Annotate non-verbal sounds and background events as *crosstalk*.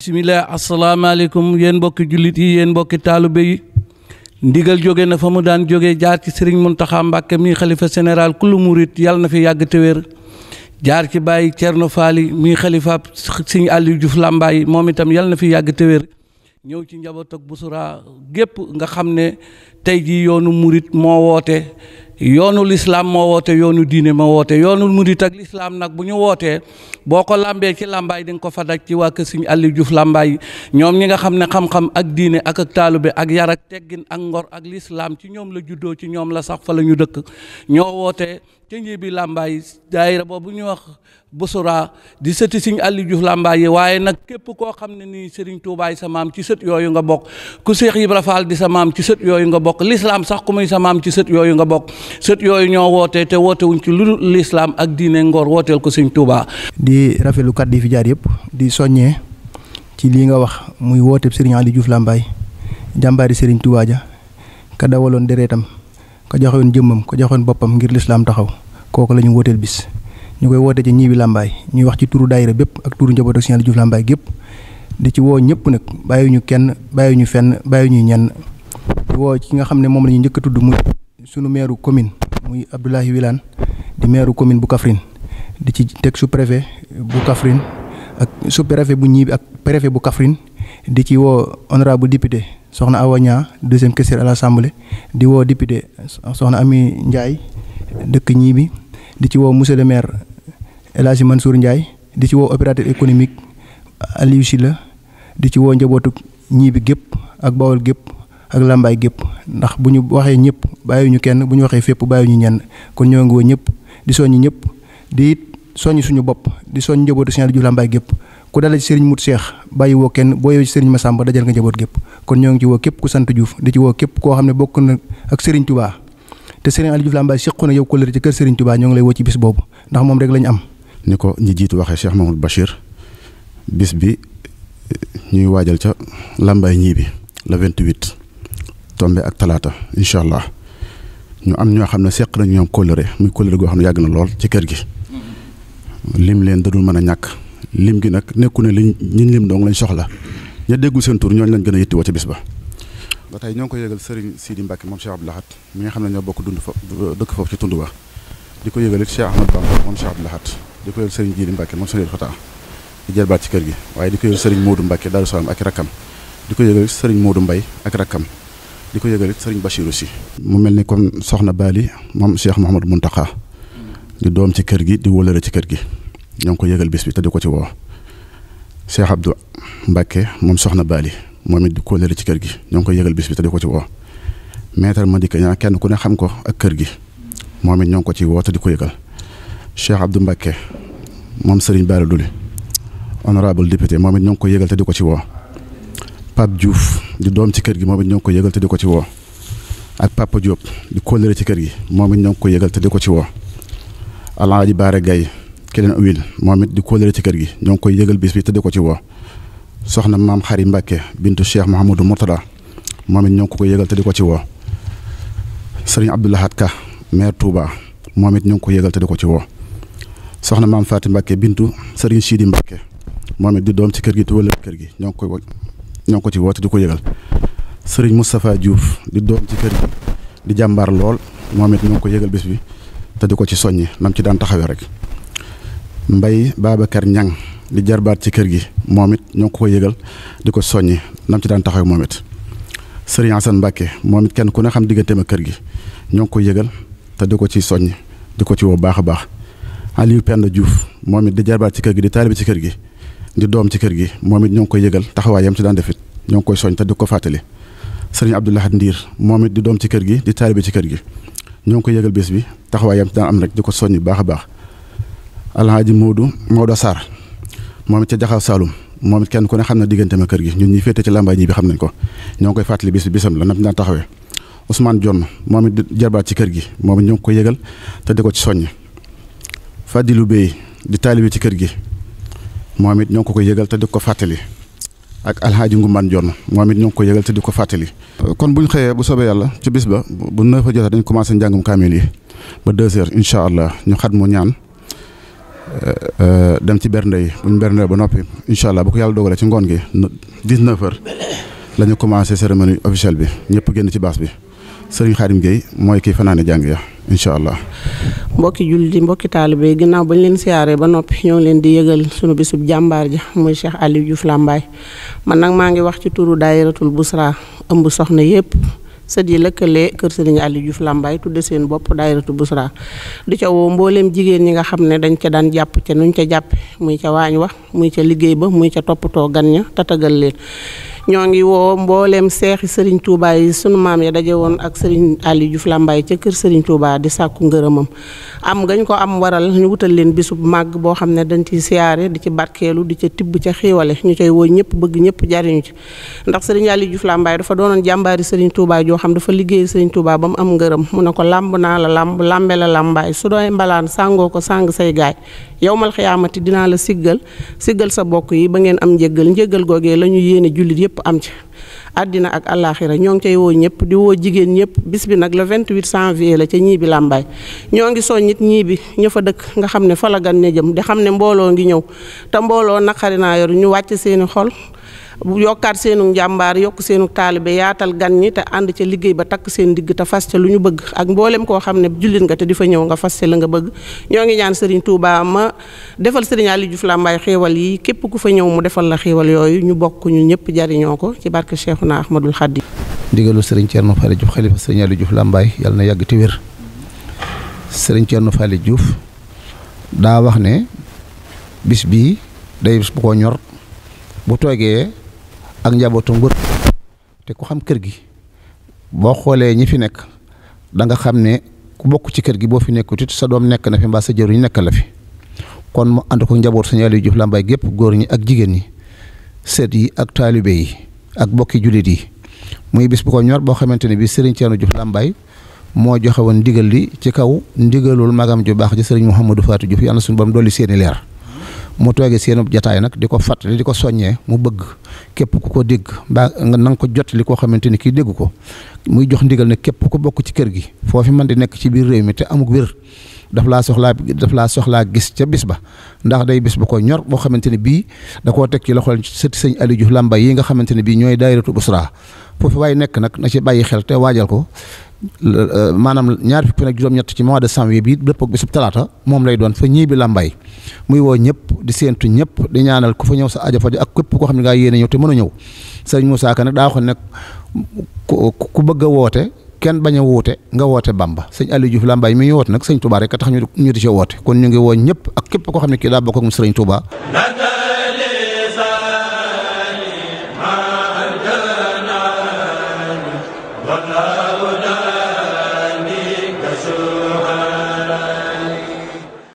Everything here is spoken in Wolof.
bisimilah asalaamaaleykum yéen mbokki jullit yi yéen mbokki taalibe yi ndigal jóge na fa mu daan jóge jaar ci sëriñ Muntaxa Mbàkke mi xalifa général kullu murit yàlla na fi yàgg te jaar ci bàyyi Cerno Faali mi xalifa sëriñ Aliou Diouf Lambaay moom itam yàlla na fi yàgg te ñëw ci njaboot ak busura gépp nga xam ne tey ji yoonu murit moo woote yoonu lislaam moo woote yoonu diine moo woote yoonu murit ak lislaam nag bu ñu wootee boo ko làmbee ci làmbaay di ko fa daj ci waa kër Sëriñ Aliou Diouf làmbaay ñoom ñi nga xam ne xam-xam ak diine ak ak taalube ak yar ak teggin ak ngor ak lislaam ci ñoom la juddoo ci ñoom la sax fa la ñu dëkk ñoo woote ca bi làmbaay daay daayira bu ñu wax Bosora di sëti Sëriñ Aliou Diouf làmbaay yi waaye nag képp koo xam ne nii Sëriñ Tuubaay sa maam ci sët yooyu nga bokk ku Seex Ibra Faal di sa maam ci sët yooyu nga bokk lislaam sax ku muy sa maam ci sët yooyu nga bokk sët yooyu ñoo wootee te wootewuñ ci lu lislaam ak diine ngoor wooteel ko Sëriñ Tuubaa di rafetlu kàddu yi fi jaar yëpp di soññee ci lii nga wax muy woote Sëriñ Aliou Diouf làmbaay jàmbaari Sëriñ Tuubaa ja ka dereetam ko joxewoon jëmmam ko joxewoon boppam ngir lislaam taxaw kooku la ñu wooteel bis ñu koy woote ci ñiibi làmbaay ñuy wax ci turu daayira bépp ak turu njaboot ak Serigne Aliou Diouf làmbaay gépp di ci woo ñëpp nag ñu kenn bàyyi ñu fenn bàyyi bàyyiwuñu ñenn woo ci nga xam ne moom la njëkk a tudd muy sunu maire commune muy Abdoulaye Wilane di maire commune bu Kaffrine di ci teg sous préfet bu Kaffrine ak sous préfet bu ñiibi ak préfet bu Kaffrine di ci woo honorable député soxna Awa Niang deuxième caissière à di woo député soxna Ami Ndiaye dëkk ñii bi di ci woo monsieur le maire El Hadji Mansour Ndiaye di ci woo opérateur économique Aliou la di ci woo njabootu ñii gépp ak Bawol gépp ak Lambaay gépp ndax bu ñu waxee ñëpp ñu kenn bu ñu waxee fépp ñu ñenn kon ñoo ngi ñëpp di soññ ñëpp di soññ suñu bopp di soññ njabootu Serigne ju Lambaay gépp ku dala ci sëriñ mut Cheikh bàyyi woo kenn boo yowee ci sëriñ Massamba dajal nga njaboot gépp kon ñoo ngi ci woo képp ku sant Diouf di ci woo képp koo xam ne bokk na ak sëriñ Touba te sëriñ Aliou Diouf Lambaye sequ na yow ci kër sëriñ Touba ñoo ngi lay woo ci bis boobu ndax moom rek lañ am. ni ko ñi jiitu waxee Cheikh Mahmoud Bachir bis bi eh, ñuy waajal ca Lambaye ñii bi le 28 tombé ak talaata incha allah ñu am ñoo xam ne seq nañ ñoom kóllëre muy kóllëre goo xam ne yàgg na lool ci kër gi mm-hmm. lim leen da dul mën a ñàkk lim gi nag nekku ne liñ ñun lim dong lañ soxla ña déggu seen tur ñooñu lañ gën a yittewoo ca bis ba. tey ñoo ngi koy yëgal Serigne Sidi Mbacke moom Cheikh Abdou mi nga xam ne ñoo bokk dund fa dëkk foofu ci tund ba di ko yëgal it Cheikh Ahmad Bamba moom Cheikh Abdou Lahad di ko yëgal Serigne Jili Mbacke moom Serigne Fata di jërbaat ci kër gi waaye di ko yëgal Serigne Modou Mbacke Darou Salaam ak rakkam di ko yëgal it Serigne Modou Mbaye ak rakkam di ko yëgal it Serigne Bachirou si mu mel ni kon soxna Bali moom Cheikh Mouhamadou Mountakha di doom ci kër gi di wóolare ci kër gi ñoo ngi ko yëgal bis bi te ko ci woo Cheikh Abdou Mbacke moom soxna baali moom it di kóolëre ci kër gi ñoo ngi ko yégal bis bi te ko ci woo maître Madické Niang kenn ku ne xam ko ak kër gi moom it ñoo ngi ko ci woo te di ko yëgal Cheikh Abdou Mbacke moom moom it ñoo ngi ko yëgal ko ci woo Pape Diouf di doom ci kër gi moom it ñoo ko yëgal te ko ci woo ak Papa Diop di kóolëre ci kër gi moom it ñoo ko yëgal te ko ci woo Alaaji Baare gay keneen wil moom it di kóolare ci kër gi ñoo ko koy yëgal bis bi te ko ci woo soxna maam xari Mbàkke bintu Cheikh Mouhamadou Mourtada moom it ñoo ko koy yëgal te ko ci woo sëriñ Ka maire Touba moom it ñoo ko yëgal te ko ci woo soxna maam Faati Mbàkke bintu sëriñ Sidi Mbàkke moom it di doom ci kër gi te wëlal kër gi ñoo ngi koy ñoo ngi ko ci woo te ko yëgal sëriñ Moustapha Diouf di doom ci kër gi di jàmbaar lool moom it ñoo ko yëgal bis bi te ko ci soññi nam ci daan taxawee rek mbay Babacar ñaŋ di jarbaat ci kër gi moom it ñoo ngi ko yëgal di ko soññi nam ci daan taxaw moom it Serigne Assane Mbacke moom it kenn ku ne xam digganteem ak kër gi ñoo ngi ko yëgal te di ko ci soññ di ko ci woo baax a baax Aliou Penda Diouf moom it di jarbaat ci kër gi di taalibe ci kër gi di doom ci kër gi moom it ñoo ngi koy yëgal taxawaayam ci daan defit ñoo ko koy soññ te di ko fàttali Serigne Abdoulahat Ndiir moom it di doom ci kër gi di taalibe ci kër gi ñoo ngi koy yëgal bés bi taxawaayam ci daan am rek di ko soññ baax a baax alhaaji Moodu Maodo Sarr moom it ca Jaxaw Saalum moom it kenn ku ne xam na diggante ma kër gi ñun ñi féete ci làmbaay ñi bi xam nañ ko ñoo ngi koy fàttali bis bisam la na daan taxawee Ousmane Dione moom it jarbaat ci kër gi moom ñoo ngi ko yëgal te di ko ci soññ Fadilou Bey di taalibe ci kër gi moom it ñoo ko koy yëgal te di ko fàttali ak alxaaji Ngumban Dione moom it ñoo ngi ko yëgal te di ko fàttali. kon bu ñu xëyee bu soobee yàlla ci bis ba bu neuf a jotee dañ commencé njàngum kaamil yi ba deux heures incha allah ñu xat mu ñaan. Euh, euh, dem ci bernde yi bu ñu berndee ba noppi incha allah bu ko yàlla dogalee ci ngoon gi 19 heures *clears throat* la ñu commencé cérémonie officielle bi ñëpp génn ci baas bi sëriñ Xaadim Guèye mooy kii fanaane jàng ya incha allah. mbokki julli mbokki taalibe ba ñu leen siyaaree ba noppi ñoo leen di yëgal sunu bisub jàmbaar ja muy Cheikh Aliou Diouf Lambaye man nag maa ngi wax ci turu daayiratul Busra ëmb soxna yëpp. sët yi lëkkalee kër Sëriñ Aliou Diouf Lambaye tudde seen bopp daayiratu Busra di ca woo mbooleem jigéen ñi nga xam ne dañ ca daan jàpp ca nuñ ca jàppe muy ca waañ wax muy ca liggéey ba muy ca toppatoo gan ña tatagal leen ñoo ngi woo mbooleem seexi Serigne Touba yi sunu maam yi daje woon ak Serigne Aliou Diouf Lambaye ca kër Serigne Touba di sàkku ngërëmam am gañ ko am waral ñu wutal leen bisub màgg boo xam ne dañ ciy siyaare di ci barkeelu di ca tibb ca xiiwale ñu cay woo ñëpp bëgg ñëpp jariñu ci ndax Serigne Aliou Diouf dafa doonoon jàmbaari Serigne Touba joo xam dafa liggéey Serigne ba mu am ngërëm mu ne ko làmb naa la làmb làmbe la làmbaay su doy mbalaan sàngoo ko sàng say gaay yowmal xiyaamati dinaa la siggal siggal sa bokk yi ba ngeen am njëggal njëggal googee la ñu yéene jullit yëpp yëpp am ci àddina ak àllaaxira ñoo ngi cay woo ñëpp di woo jigéen ñëpp bis bi nag la vingt le 28 janvier la ca ñii bi làmbaay ñoo ngi soñ nit ñii bi ñu fa dëkk nga xam ne fa la gan ne jëm di xam ne mbooloo ngi ñëw te mbooloo naqari naa yor ñu wàcc seeni xol yokkaat seenu njàmbaar yokk seenu taalibe yaatal gan ñi te ànd ca liggéey ba takk seen ndigg te fas ca lu ñu bëgg ak mboolem koo xam ne jullit nga te di fa ñëw nga fas ca la nga bëgg ñoo ngi ñaan Serigne Touba ma defal Serigne Aliou Diouf Lambaye xéewal yi képp ku fa ñëw mu defal la xéewal yooyu ñu bokk ñu ñëpp jariñoo ko ci barke Cheikhouna Ahmadul Khadim ndigalu Serigne Thierno Fallé Diouf xalifa Serigne Aliou Diouf Lambaye yàlla na yàgg te na yàgg Thierno Fallé Diouf daa wax ne bis bii ko ñor bu ak njabootum wër te ku xam kër gi boo xoolee ñi fi nekk da nga xam ne ku bokk ci kër gi boo fi nekkut it sa doom nekk na fi mbaa sa jëruñ nekk la fi kon mu ànd ko njaboot Sëñ Aliou Diouf Lambaye gépp góor ñi ak jigéen ñi seet yi ak taalibe yi ak bokki jullit yi muy bis bu ko ñor boo xamante ne bi Serigne Thierno Diouf Lambaye moo joxe woon ndigal li ci kaw ndigalul magam ju baax ji Serigne Mouhamadou Fatou Diouf yàlla na suñu borom dolli seeni leer mu toogee seenub jataay nag di ko fàttali di ko soññee mu bëgg képp ku ko dégg mbaa nga na ko jot koo xamante ni kii déggu ko muy jox ndigal ne képp ku bokk ci kër gi foofu man di nekk ci biir réew mi te amuk wér daf laa soxlaa daf laa soxlaa gis ca bis ba ndax day bis bu ko ñor boo xamante ne bii da koo teg ci loxol sëti sëñ aliju Diouf yi nga xamante ne bii ñooy daayiratu Busra foofu waaye nekk nag na ci bàyyi xel te waajal ko euh, maanaam ñaar fukki nag juróom-ñett ci mois de janvier bi dëpp ak bisub talaata moom lay doon fa ñii bi làmbaay muy woo ñëpp di séentu ñëpp di ñaanal ku fa ñëw sa ajo ak képp koo xam ne ngaa yéene ñëw te mën a ñëw sëñ Moussa Ka nag daa waxoon ne ku bëgg a woote kenn bañ a woote nga woote Bamba sëñ Aliou Diouf làmbaay mi ñu woote nag sëñ Touba rek a tax ñu di ci woote kon ñu ngi woo ñëpp ak képp koo xam ne kii daa bokk ak mu sëriñ Touba